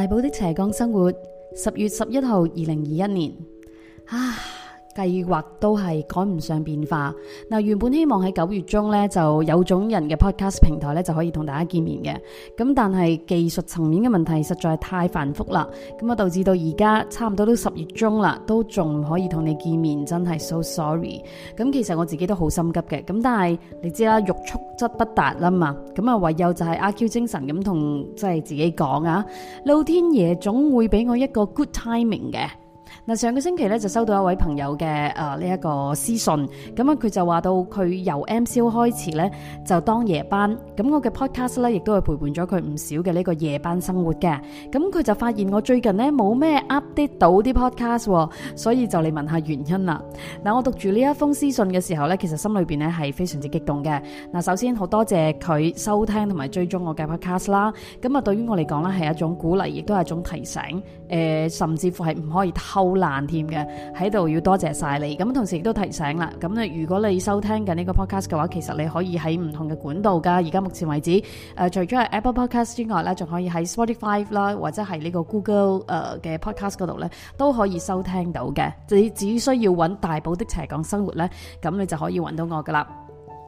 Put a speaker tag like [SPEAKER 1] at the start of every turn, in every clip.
[SPEAKER 1] 大寶的斜槓生活，十月十一號，二零二一年。啊！計劃都係趕唔上變化，嗱，原本希望喺九月中咧就有種人嘅 podcast 平台咧就可以同大家見面嘅，咁但係技術層面嘅問題實在太繁複啦，咁啊導致到而家差唔多都十月中啦，都仲唔可以同你見面，真係 so sorry。咁其實我自己都好心急嘅，咁但係你知啦，欲速則不達啦嘛，咁啊唯有就係阿 Q 精神咁同即係自己講啊，老天爺總會俾我一個 good timing 嘅。嗱，上個星期咧就收到一位朋友嘅，誒，呢一個私信，咁啊佢就話到佢由 M 銷開始咧就當夜班，咁我嘅 podcast 咧亦都係陪伴咗佢唔少嘅呢個夜班生活嘅，咁佢就發現我最近咧冇咩 update 到啲 podcast，所以就嚟問一下原因啦。嗱，我讀住呢一封私信嘅時候咧，其實心裏邊咧係非常之激動嘅。嗱，首先好多謝佢收聽同埋追蹤我嘅 podcast 啦，咁啊對於我嚟講咧係一種鼓勵，亦都係一種提醒，誒甚至乎係唔可以偷。好難添嘅，喺度要多謝晒你。咁同時亦都提醒啦，咁你，如果你收聽緊呢個 podcast 嘅話，其實你可以喺唔同嘅管道噶。而家目前為止，誒、呃、除咗係 Apple Podcast 之外咧，仲可以喺 Spotify 啦，或者係呢個 Google 誒、呃、嘅 podcast 度咧，都可以收聽到嘅。你只需要搵大寶的斜槓生活咧，咁你就可以搵到我噶啦。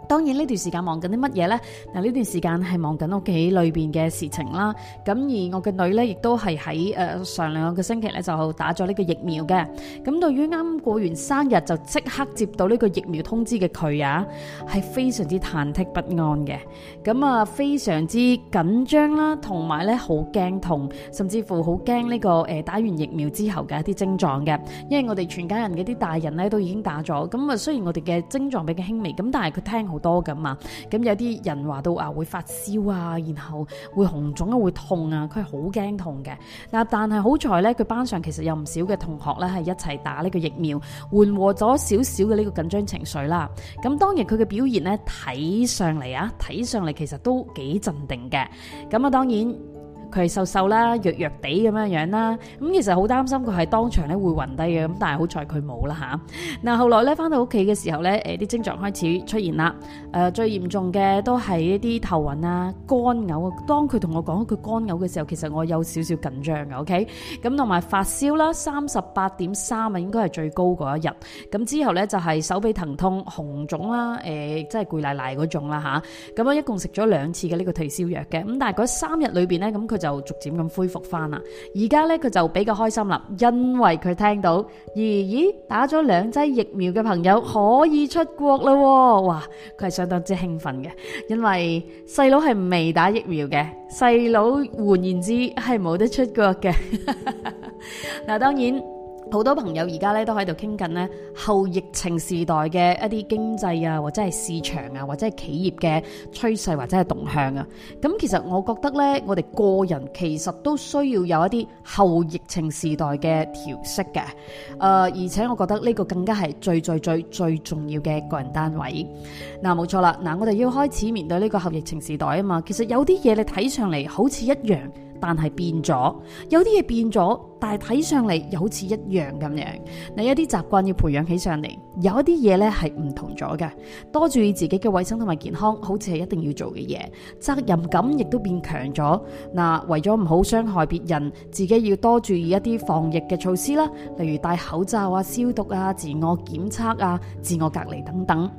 [SPEAKER 1] 當然呢段時間忙緊啲乜嘢呢？嗱，呢段時間係忙緊屋企裏邊嘅事情啦。咁而我嘅女呢，亦都係喺誒上兩個星期呢，就打咗呢個疫苗嘅。咁對於啱過完生日就即刻接到呢個疫苗通知嘅佢啊，係非常之忐忑不安嘅。咁啊，非常之緊張啦，同埋咧好驚痛，甚至乎好驚呢個誒、呃、打完疫苗之後嘅一啲症狀嘅。因為我哋全家人嗰啲大人呢，都已經打咗，咁啊雖然我哋嘅症狀比較輕微，咁但係佢聽好多咁嘛，咁有啲人話到啊會發燒啊，然後會紅腫啊，會痛啊，佢係好驚痛嘅嗱，但係好彩咧，佢班上其實有唔少嘅同學咧係一齊打呢個疫苗，緩和咗少少嘅呢個緊張情緒啦。咁當然佢嘅表現咧睇上嚟，啊，睇上嚟其實都幾鎮定嘅。咁啊，當然。佢係瘦瘦啦、弱弱地咁樣樣啦，咁其實好擔心佢係當場咧會暈低嘅，咁但係好彩佢冇啦吓。嗱、啊，後來咧返到屋企嘅時候咧，誒啲症狀開始出現啦，誒、呃、最嚴重嘅都係一啲頭暈啊、乾嘔嘅。當佢同我講佢乾嘔嘅時候，其實我有少少緊張嘅，OK？咁同埋發燒啦，三十八點三啊，應該係最高嗰一日。咁之後咧就係手臂疼痛、紅腫啦，誒即係攰賴賴嗰種啦吓，咁、啊、樣一共食咗兩次嘅呢個退燒藥嘅，咁但係嗰三日裏邊咧，咁佢。就逐漸咁恢復翻啦，而家咧佢就比較開心啦，因為佢聽到咦，咦打咗兩劑疫苗嘅朋友可以出國啦喎，哇！佢係相當之興奮嘅，因為細佬係未打疫苗嘅，細佬換言之係冇得出國嘅。嗱， 當然。好多朋友而家咧都喺度傾緊呢後疫情時代嘅一啲經濟啊，或者係市場啊，或者係企業嘅趨勢或者係動向啊。咁其實我覺得呢，我哋個人其實都需要有一啲後疫情時代嘅調適嘅。誒，而且我覺得呢個更加係最最最最重要嘅個人單位。嗱，冇錯啦，嗱，我哋要開始面對呢個後疫情時代啊嘛。其實有啲嘢你睇上嚟好似一樣。但係變咗，有啲嘢變咗，但係睇上嚟又好似一樣咁樣。你有啲習慣要培養起上嚟，有一啲嘢咧係唔同咗嘅。多注意自己嘅衛生同埋健康，好似係一定要做嘅嘢。責任感亦都變強咗。嗱，為咗唔好傷害別人，自己要多注意一啲防疫嘅措施啦，例如戴口罩啊、消毒啊、自我檢測啊、自我隔離等等。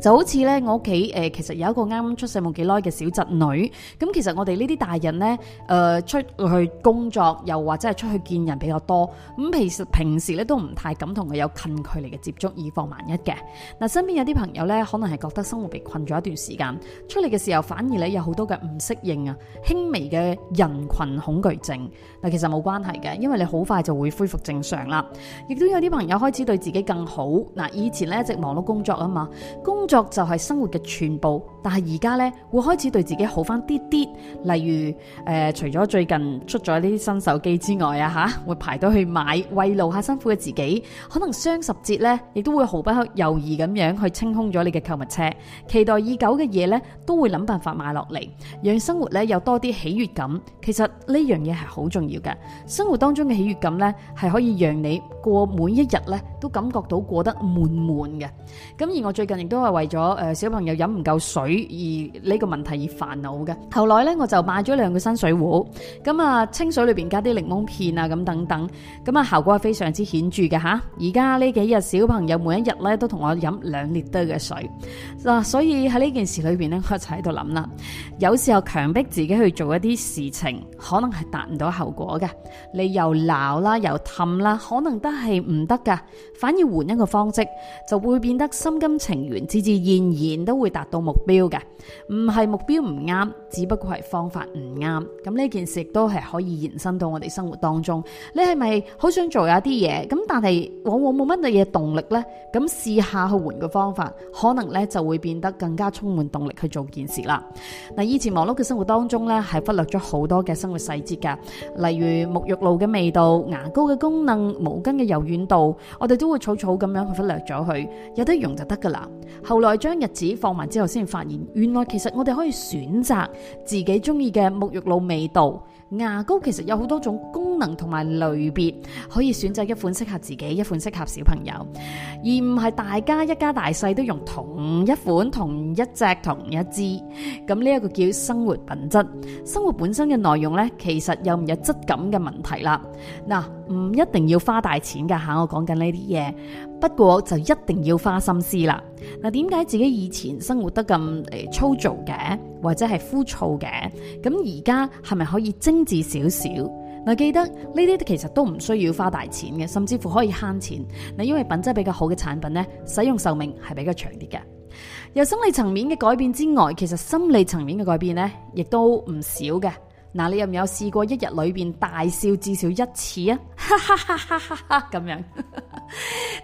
[SPEAKER 1] 就好似咧，我屋企誒，其實有一個啱啱出世冇幾耐嘅小侄女。咁其實我哋呢啲大人呢、呃、出去工作，又或者係出去見人比較多。咁平時咧都唔太敢同佢有近距離嘅接觸，以防萬一嘅。嗱，身邊有啲朋友呢，可能係覺得生活被困咗一段時間，出嚟嘅時候反而咧有好多嘅唔適應啊，輕微嘅人群恐懼症。嗱，其實冇關係嘅，因為你好快就會恢復正常啦。亦都有啲朋友開始對自己更好。嗱，以前咧一直忙碌工作啊嘛，工。工作就係生活嘅全部，但係而家呢，會開始對自己好翻啲啲，例如誒、呃，除咗最近出咗呢啲新手機之外啊，吓會排隊去買慰勞下辛苦嘅自己，可能雙十節呢，亦都會毫不猶豫咁樣去清空咗你嘅購物車，期待已久嘅嘢呢，都會諗辦法買落嚟，讓生活呢有多啲喜悅感。其實呢樣嘢係好重要嘅，生活當中嘅喜悅感呢，係可以讓你過每一日呢，都感覺到過得滿滿嘅。咁而我最近亦都有。為咗誒小朋友飲唔夠水而呢個問題而煩惱嘅，後來呢，我就買咗兩個新水壺，咁、嗯、啊清水裏邊加啲檸檬片啊，咁等等，咁、嗯、啊效果係非常之顯著嘅吓。而家呢幾日小朋友每一日咧都同我飲兩列多嘅水，嗱，所以喺呢件事裏邊呢，我就喺度諗啦，有時候強迫自己去做一啲事情，可能係達唔到效果嘅，你又鬧啦又氹啦，可能都係唔得噶，反而換一個方式，就會變得心甘情願之。自然然都會達到目標嘅，唔係目標唔啱，只不過係方法唔啱。咁呢件事都係可以延伸到我哋生活當中。你係咪好想做一啲嘢？咁但係往往冇乜嘅嘢動力呢，咁試下去換個方法，可能呢就會變得更加充滿動力去做件事啦。嗱，以前忙碌嘅生活當中呢，係忽略咗好多嘅生活細節噶，例如沐浴露嘅味道、牙膏嘅功能、毛巾嘅柔軟度，我哋都會草草咁樣去忽略咗佢，有得用就得噶啦。後來將日子放完之後，先發現原來其實我哋可以選擇自己中意嘅沐浴露味道。牙膏其實有好多種功能同埋類別，可以選擇一款適合自己，一款適合小朋友，而唔係大家一家大細都用同一款，同一隻，同一支。咁呢一個叫生活品質。生活本身嘅內容呢，其實有唔有質感嘅問題啦。嗱，唔一定要花大錢噶吓，我講緊呢啲嘢。不過就一定要花心思啦。嗱，點解自己以前生活得咁誒、欸、粗糙嘅，或者係枯燥嘅？咁而家係咪可以精？精緻少少。嗱，記得呢啲其實都唔需要花大錢嘅，甚至乎可以慳錢。嗱，因為品質比較好嘅產品咧，使用壽命係比較長啲嘅。由生理層面嘅改變之外，其實心理層面嘅改變咧，亦都唔少嘅。嗱，你有唔有試過一日裏邊大笑至少一次啊？咁 樣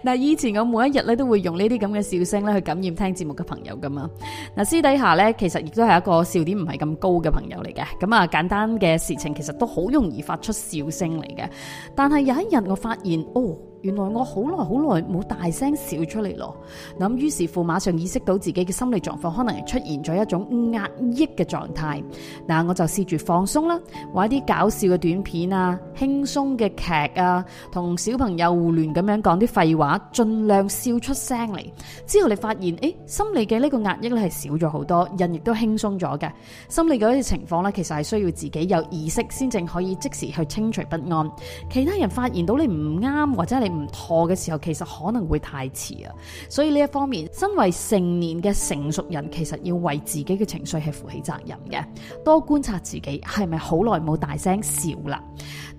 [SPEAKER 1] 嗱， 以前我每一日咧都會用呢啲咁嘅笑聲咧去感染聽節目嘅朋友噶嘛。嗱，私底下咧其實亦都係一個笑點唔係咁高嘅朋友嚟嘅。咁啊，簡單嘅事情其實都好容易發出笑聲嚟嘅。但係有一日我發現，哦。原來我好耐好耐冇大聲笑出嚟咯，咁於是乎馬上意識到自己嘅心理狀況可能係出現咗一種壓抑嘅狀態。嗱，我就試住放鬆啦，玩啲搞笑嘅短片啊，輕鬆嘅劇啊，同小朋友胡亂咁樣講啲廢話，盡量笑出聲嚟。之後你發現，誒、欸，心理嘅呢個壓抑咧係少咗好多，人亦都輕鬆咗嘅。心理嘅啲情況咧，其實係需要自己有意識先至可以即時去清除不安。其他人發現到你唔啱，或者你。唔妥嘅時候，其實可能會太遲啊！所以呢一方面，身為成年嘅成熟人，其實要為自己嘅情緒係負起責任嘅。多觀察自己係咪好耐冇大聲笑啦。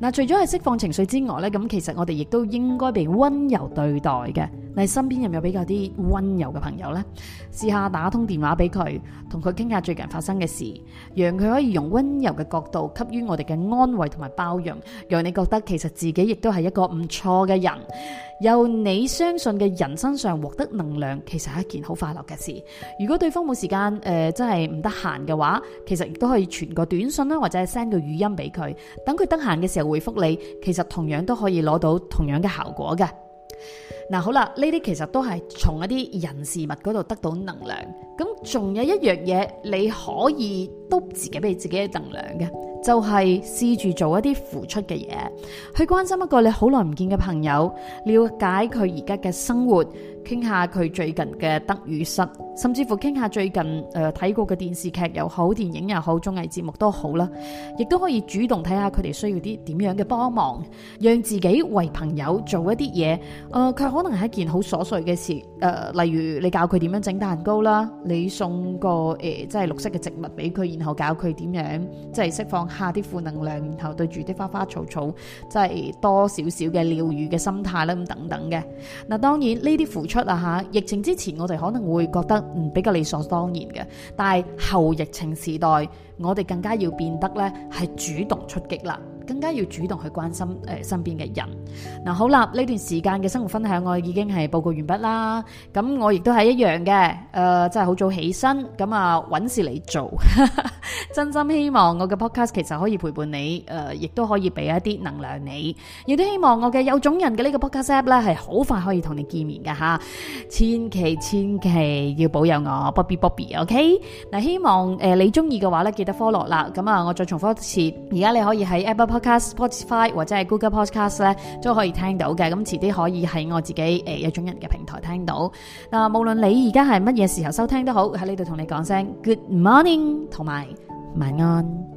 [SPEAKER 1] 嗱，除咗係釋放情緒之外咧，咁其實我哋亦都應該被温柔對待嘅。你身邊有冇比較啲温柔嘅朋友呢？試下打通電話俾佢，同佢傾下最近發生嘅事，讓佢可以用温柔嘅角度給予我哋嘅安慰同埋包容，讓你覺得其實自己亦都係一個唔錯嘅人。由你相信嘅人身上獲得能量，其實係一件好快樂嘅事。如果對方冇時間，呃，真係唔得閒嘅話，其實亦都可以傳個短信啦，或者係 send 個語音俾佢，等佢得閒嘅時候回覆你，其實同樣都可以攞到同樣嘅效果嘅。嗱、啊、好啦，呢啲其實都係從一啲人事物嗰度得到能量。咁仲有一樣嘢，你可以都自己俾自己嘅能量嘅，就係、是、試住做一啲付出嘅嘢，去關心一個你好耐唔見嘅朋友，了解佢而家嘅生活，傾下佢最近嘅得與失，甚至乎傾下最近誒睇、呃、過嘅電視劇又好，電影又好，綜藝節目都好啦。亦都可以主動睇下佢哋需要啲點樣嘅幫忙，讓自己為朋友做一啲嘢。誒、呃，可能係一件好瑣碎嘅事，誒、呃，例如你教佢點樣整蛋糕啦，你送個誒、呃，即係綠色嘅植物俾佢，然後教佢點樣，即係釋放下啲負能量，然後對住啲花花草草，即係多少少嘅鳥語嘅心態啦，咁等等嘅。嗱、呃，當然呢啲付出啊嚇，疫情之前我哋可能會覺得唔比較理所當然嘅，但係後疫情時代，我哋更加要變得咧係主動出擊啦。更加要主動去關心誒、呃、身邊嘅人嗱、啊，好啦，呢段時間嘅生活分享我已經係報告完畢啦，咁我亦都係一樣嘅，誒、呃、真係好早起身咁，啊，揾事嚟做 真心希望我嘅 podcast 其實可以陪伴你，誒、呃、亦都可以俾一啲能量你，亦都希望我嘅有種人嘅呢個 podcast app 咧係好快可以同你見面㗎吓，千祈千祈要保佑我 Bobby Bobby OK。嗱、啊，希望誒、呃、你中意嘅話咧，記得 follow 啦。咁啊，我再重複一次，而家你可以喺 Apple Podcast、Spotify 或者係 Google Podcast 咧，都可以聽到嘅。咁遲啲可以喺我自己、呃、一種人嘅平台聽到。嗱、呃，無論你而家係乜嘢時候收聽都好，喺呢度同你講聲 Good morning 同埋晚安。